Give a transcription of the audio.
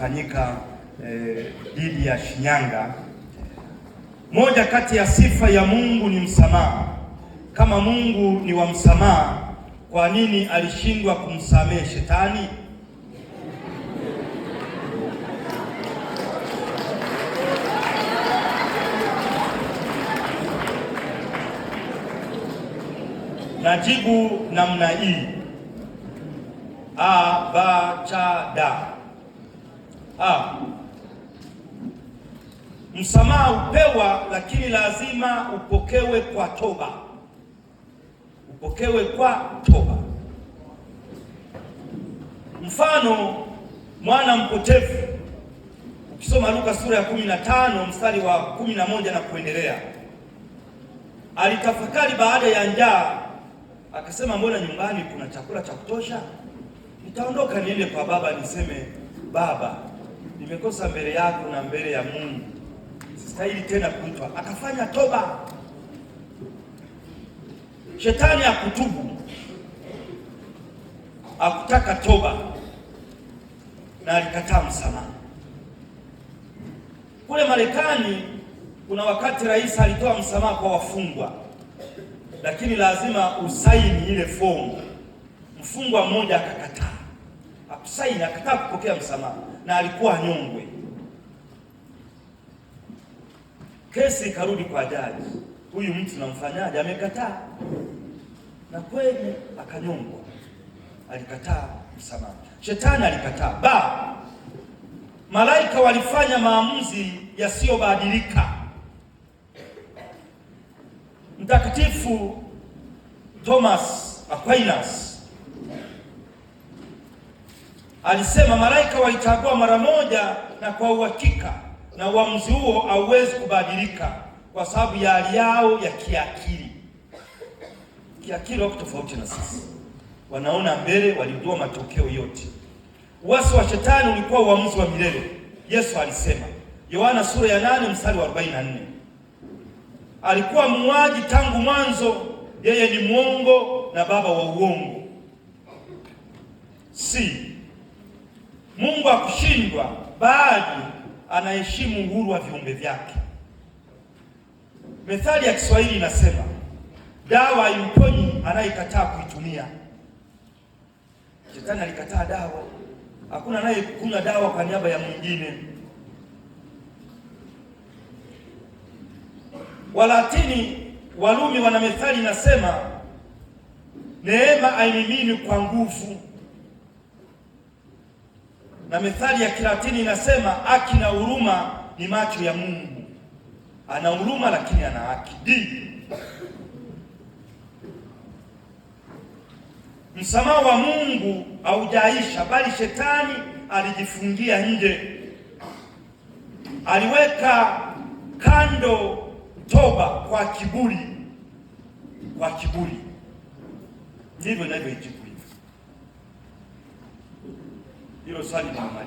fanyika eh, dhidi e, ya Shinyanga. Moja kati ya sifa ya Mungu ni msamaha. Kama Mungu ni wa msamaha, kwa nini alishindwa kumsamehe shetani? Najibu namna hii: A, ba, cha, da Ah. Msamaha upewa lakini lazima upokewe kwa toba. Upokewe kwa toba. Mfano mwana mpotevu ukisoma Luka sura ya 15 mstari wa 11 na kuendelea, alitafakari baada ya njaa akasema, mbona nyumbani kuna chakula cha kutosha? Nitaondoka niende kwa baba niseme, baba nimekosa mbele yako na mbele ya Mungu, sistahili tena kuitwa. Akafanya toba, shetani akutubu, akutaka toba na alikataa msamaha. Kule Marekani kuna wakati rais alitoa msamaha kwa wafungwa, lakini lazima usaini ile fomu. Mfungwa mmoja akakataa, akusaini, akataa kupokea msamaha na alikuwa nyongwe. Kesi ikarudi kwa jaji, huyu mtu namfanyaje? Amekataa, na kweli akanyongwa. Alikataa msamaha, shetani alikataa, ba malaika walifanya maamuzi yasiyobadilika. Mtakatifu Thomas Aquinas Alisema malaika walichagua mara moja na kwa uhakika, na uamuzi huo hauwezi kubadilika kwa sababu ya hali yao ya kiakili. Kiakili wako tofauti na sisi, wanaona mbele, walijua matokeo yote. Uasi wa shetani ulikuwa uamuzi wa milele. Yesu alisema Yohana sura ya nane mstari wa 44, alikuwa muuaji tangu mwanzo, yeye ni mwongo na baba wa uongo. si Mungu akushindwa bali anaheshimu uhuru wa viumbe vyake. Methali ya Kiswahili inasema dawa imponyi anayekataa kuitumia. Shetani alikataa dawa, hakuna anayekunywa dawa kwa niaba ya mwingine. Walatini Warumi wana methali inasema, neema ainimini kwa nguvu na methali ya Kilatini inasema haki na huruma ni macho ya Mungu, ana huruma lakini ana haki. D, msamaha wa Mungu haujaisha, bali shetani alijifungia nje, aliweka kando toba kwa kiburi, kwa kiburi. Ndivyo inavyoitika 有三年半了。